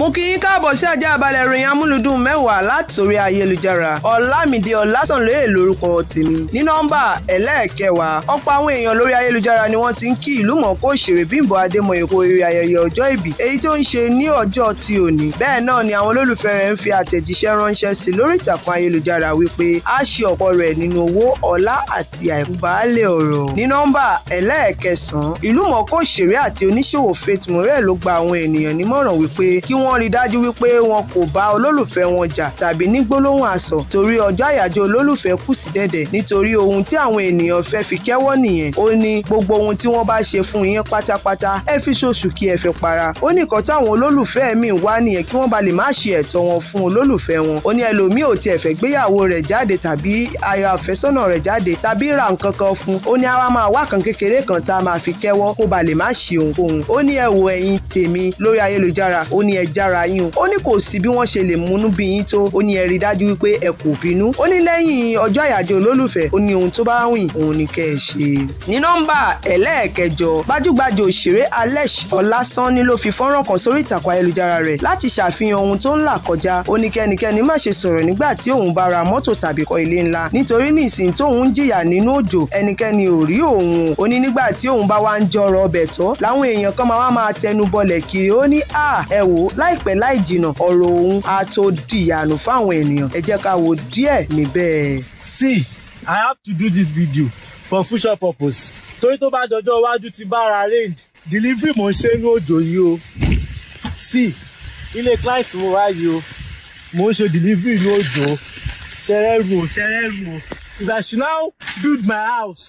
mo kì í káàbọ̀ sí ajá balẹ̀ ìròyìn amúlùdùn mẹ́wàá látòrí ayélujára ọ̀làmìdí ọ̀làsànlóye lórúkọ tèmi ní nọ́mbà ẹlẹ́ẹ̀kẹwàá ọ̀pọ̀ àwọn èèyàn lórí ayélujára ni wọ́n ti ń kí ìlú mọ̀ọ́ká òṣèré bímbọ́ adémọ̀ye kú oríire ayẹyẹ ọjọ́ ìbí èyí tó ń ṣe ní ọjọ́ ti òní bẹ́ẹ̀ náà ni àwọn olólùfẹ́ rẹ̀ ń fi àtẹ̀jíṣẹ́ ránṣẹ́ sí lórí ìtàkùn ayélujára wípé a ṣe ọ̀pọ̀ rẹ̀ nínú owó ọlá àti àìkúbálẹ̀ ọ̀rọ̀ ní nọ́mbà ẹlẹ́ẹ̀kẹsàn-án ìlú mọ̀ọ́ká òṣèré àti oníṣòwò Faith Morell ló gba àwọn ènìyàn nímọ̀ràn wípé wọ́n rí dájú wípé wọn kò bá olólùfẹ́ wọn jà tàbí ní gbólóhùn àsọ torí ọjọ́ àyájọ́ olólùfẹ́ kù sí dẹ̀dẹ̀ nítorí ohun tí àwọn ènìyàn fẹ́ fi kẹ́wọ́ nìyẹn ó ní gbogbo ohun tí wọ́n bá ṣe fún yín pátápátá ẹ fi ṣoṣù kí ẹ fi para ó ní nǹkan táwọn olólùfẹ́ mi wá nìyẹn kí wọ́n ba lè má ṣe ẹ̀tọ́ wọn fún olólùfẹ́ wọn ó ní ẹlòmíì ò tiẹ̀ fẹ́ gbéyàwó rẹ̀ jáde tàbí aya àfẹ́sọ́nà rẹ̀ jáde tàbí ra nǹkan kan fún ó ní ara máa wá kan kékeré kan tá a máa fi kẹ́wọ́ kó ba lè má ṣe ohunkóhun ó ní ẹ wo ẹ̀yin tèmi lórí ayélujára ó ní ẹ já ayélujára yín ó ní kò sí bí wọ́n ṣe lè múnú bí yín tó ó ní ẹ rí dájú wípé ẹ kò bínú ó ní lẹ́yìn ọjọ́ àyájọ́ olólùfẹ́ ó ní ohun tó bá wìn òun ni kẹ́ ẹ ṣe. ní nọ́mbà ẹlẹ́ẹ̀kẹjọ gbajúgbajù òṣèré Alex Ọlásánní ló fi fọ́nrán kan sórí ìtàkùn ayélujára rẹ̀ láti ṣàfihàn ohun tó ń là kọjá ó ní kẹ́nikẹ́ni má ṣe sọ̀rọ̀ nígbà tí òun bá ra mọ́tò tàbí kọ́ ilé ńlá nítorí ní ìsìn tóun jìyà nínú òjò ẹnikẹ́ni ò rí òun ó ní nígbà tí òun bá wá ń jọrọ ọbẹ̀ tọ́ láwọn èèyàn kan máa wá máa tẹnu bọlẹ̀ kiri ó ní à ẹ wò láì láìpẹ́ láì jìnà ọ̀rọ̀ òun á tó dìyànù fáwọn ènìyàn ẹ jẹ́ ká wo díẹ̀ níbẹ̀. see i have to do this video for future purpose torí tó bá dọjọ́ iwájú ti bára arrange delivery mo ń ṣe ní òjò yìí o see ilé client mo wá yìí o mo ń ṣe delivery ní òjò ṣẹrẹ́rù o ṣẹrẹ́rù o if i should now build my house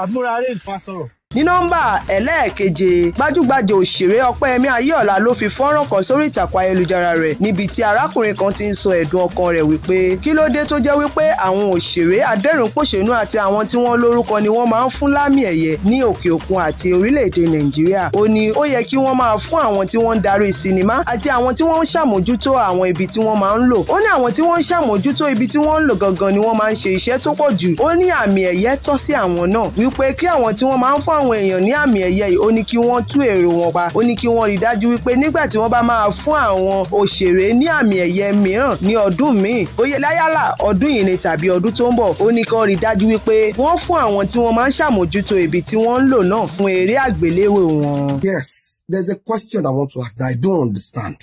àbúrò arrange máa sọ̀rọ̀ ní nọ́mbà ẹlẹ́ẹ̀keje gbajúgbajà òṣèré ọpẹ́yẹmí ayéọ̀lá ló fi fọ́nrán kan sórí ìtàkùn ayélujára rẹ̀ níbi tí arákùnrin kan ti ń sọ ẹ̀dùn ọkàn rẹ̀ wípé kí ló dé tó jẹ́ wípé àwọn òṣèré adẹ́rùnpòṣénú àti àwọn tí wọ́n lórúkọ ni wọ́n máa ń fún lámì ẹ̀yẹ ní òkè òkun àti orílẹ̀-èdè nàìjíríà ó ní ó yẹ kí wọ́n máa fún àwọn tí wọ́n ń darí sinimá àti àwọn tí wọ́n ń ṣàmójútó àwọn ibi tí wọ́n máa ń lò ó ní àwọn tí wọ́n ń ṣàmójútó ibi tí wọ́n ń lò gangan ni wọ́n máa ń ṣe iṣẹ́ tó pọ̀ jù ó ní àmì ẹ̀yẹ tọ́ sí àwọn náà wípé kí àwọn tí wọ́n máa ń fún fáwọn èèyàn ní àmì ẹ̀yẹ yìí ó ní kí wọ́n tú èrò wọn pa ó ní kí wọ́n rí dájú wípé nígbà tí wọ́n bá máa fún àwọn òṣèré ní àmì ẹ̀yẹ mìíràn ní ọdún míì bóyá láyálà ọdún yìí ni tàbí ọdún tó ń bọ̀ ó ní kí wọ́n rí dájú wípé wọ́n fún àwọn tí wọ́n máa ń ṣàmójútó ibi tí wọ́n ń lò náà fún eré àgbéléwò wọn. Yes, there's a question I want to ask that I don't understand.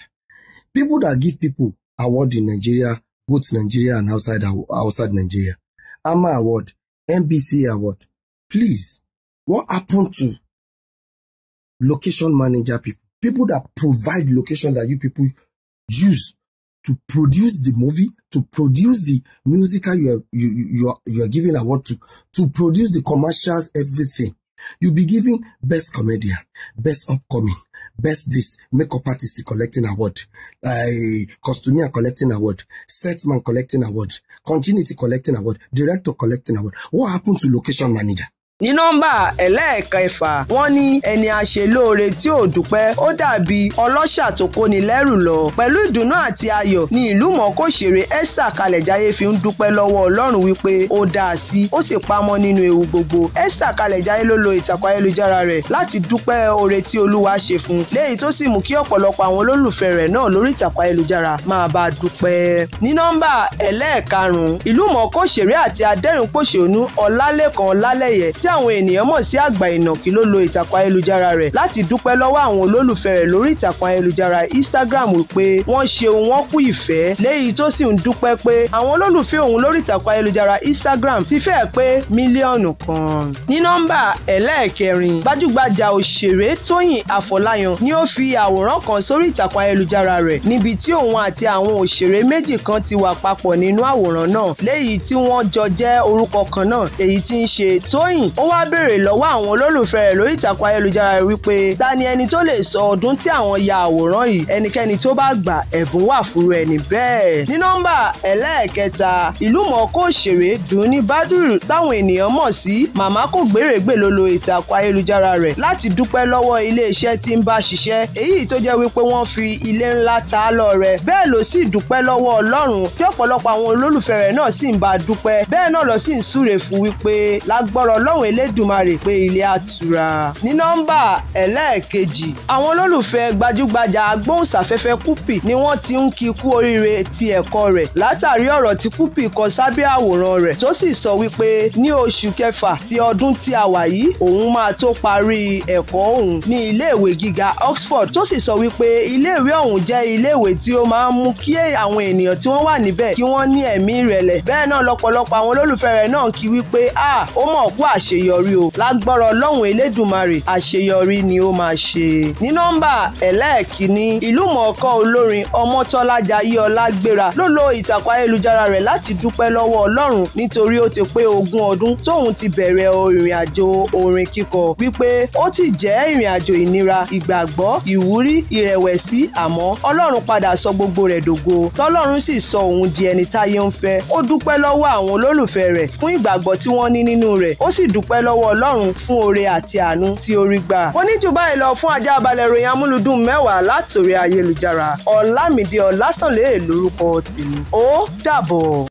People that give people award in Nigeria, both Nigeria and outside outside Nigeria, AMA award, NBC award, please What happened to location manager people? People that provide location that you people use to produce the movie, to produce the musical you are, you, you, are, you are giving award to, to produce the commercials, everything. You'll be giving best comedian, best upcoming, best this, makeup artist collecting award, uh, costumier collecting award, setman collecting award, continuity collecting award, director collecting award. What happened to location manager? ní nọ́mbà ẹlẹ́ẹ̀kẹfà wọ́n ní ẹni àṣelóore tí ò dúpẹ́ ó dàbí ọlọ́ṣà tó kóni lẹ́rù lọ pẹ̀lú ìdùnnú àti ayọ̀ ni ìlú mọ̀ọ́kọ́ṣeré Esther Kalẹ̀jáyé fi ń dúpẹ́ lọ́wọ́ Ọlọ́run wípé ó dá a sí ó sì pamọ́ nínú ewu gbogbo Esther Kalẹ̀jáyé ló lo ìtàkùn ayélujára rẹ̀ láti dúpẹ́ oore tí Olúwa ṣe fún léyìí tó sì mú kí ọ̀pọ̀lọpọ̀ àwọn olólùfẹ́ rẹ̀ náà lórí ìtàkùn ayélujára máa bá a dúpẹ́ ní nọ́mbà ẹlẹ́ẹ̀karùn-ún ìlú tí àwọn ènìyàn mọ̀ sí àgbà ìnàkí ló lo ìtàkùn ayélujára rẹ̀ láti dúpẹ́ lọ́wọ́ àwọn olólùfẹ́ rẹ̀ lórí ìtàkùn ayélujára Instagram pé wọ́n ṣe wọ́n kú ìfẹ́ léyìí tó sì ń dúpẹ́ pé àwọn olólùfẹ́ òun lórí ìtàkùn ayélujára Instagram ti fẹ́ pé mílíọ̀nù kan. ní nọ́mbà ẹlẹ́ẹ̀kẹrin gbajúgbajà òṣèré Tóyìn Àfọláyàn ni ó fi àwòrán kan sórí ìtàkùn ayélujára rẹ̀ níbi tí ó wá béèrè lọ́wọ́ àwọn olólùfẹ́ rẹ̀ lórí ìtàkùn ayélujára wípé ta ni ẹni tó lè sọ ọdún tí àwọn ya àwòrán yìí ẹnikẹ́ni tó bá gbà ẹ̀bùn wà fúru ẹni bẹ́ẹ̀. ní nọ́mbà ẹlẹ́ẹ̀kẹta ìlúmọ̀ọ́ká òṣèré Dùnní Bádùrù táwọn ènìyàn mọ̀ sí màmá kò gbèrègbè ló lo ìtàkùn ayélujára rẹ̀ láti dúpẹ́ lọ́wọ́ iléeṣẹ́ tí ń bá ṣiṣẹ́ èyí tó jẹ́ wípé wọ́n fi ilé ńlá ta á lọ́rẹ bẹ́ẹ̀ ló sì dúpẹ́ lọ́wọ́ Ọlọ́run tí ọ̀pọ̀lọpọ̀ àwọn olólùfẹ́ rẹ̀ náà sì ń bá dúpẹ́ bẹ́ẹ̀ náà ló sì ń súre fún wípé lágbọ́rọ̀ Ọlọ́run Elédùmarè pé ilé àtura. ní nọ́mbà ẹlẹ́ẹ̀kejì àwọn olólùfẹ́ gbajúgbajà agbóhùnsáfẹ́fẹ́ Kúpì ni wọ́n ti ń kí kú oríire ti ẹ̀kọ́ rẹ̀ látàrí ọ̀rọ̀ tí Kúpì kọ sábẹ́ àwòrán rẹ̀ tó sì sọ wípé ní oṣù kẹfà ti ọdún tí a wà yìí òun máa tó parí ẹ̀kọ́ òun ní iléèwé gíga Oxford tó sì sọ wípé iléèwé ọ̀hún jẹ́ iléèwé tí ó máa ń mú kí àwọn ènìyàn tí wọ́n wà níbẹ̀ kí wọ́n ní ẹ̀mí ìrẹ̀lẹ̀ bẹ́ẹ̀ náà lọ́pọ̀lọpọ̀ àwọn olólùfẹ́ rẹ̀ náà kí wípé ah ó mọ̀ kú àṣẹ àṣeyọrí o lágbára ọlọ́run elédùnmarè àṣeyọrí ni ó máa ṣe. ní nọ́mbà ẹlẹ́ẹ̀kínní ìlúmọ̀ọ́ká olórin ọmọtọ́lá jayéọlá gbéra ló lo ìtàkùn ayélujára rẹ̀ láti dúpẹ́ lọ́wọ́ ọlọ́run nítorí ó ti pé ogún ọdún tóun ti bẹ̀rẹ̀ ìrìn àjò orin kíkọ wípé ó ti jẹ́ ìrìn àjò ìnira ìgbàgbọ́ ìwúrí ìrẹ̀wẹ̀sí àmọ́ ọlọ́run padà sọ gbogbo rẹ̀ dògo tọ́lọ́run sì sọ òun di ẹni táyé ń fẹ́ ó dúpẹ́ lọ́wọ́ àwọn olólùfẹ́ rẹ̀ fún ìgbàgbọ́ tí wọ́n ní nínú rẹ̀ ó sì dúpẹ́ dúpẹ́ lọ́wọ́ Ọlọ́run fún oore àti àánú tí ó rí gbà. mo ní jù báyìí lọ fún ajá balẹ̀ ìròyìn amúlùdùn mẹ́wàá látòrí ayélujára Ọlámídé Ọlásànlẹ̀ lórúkọ tèmi ó dàbọ̀.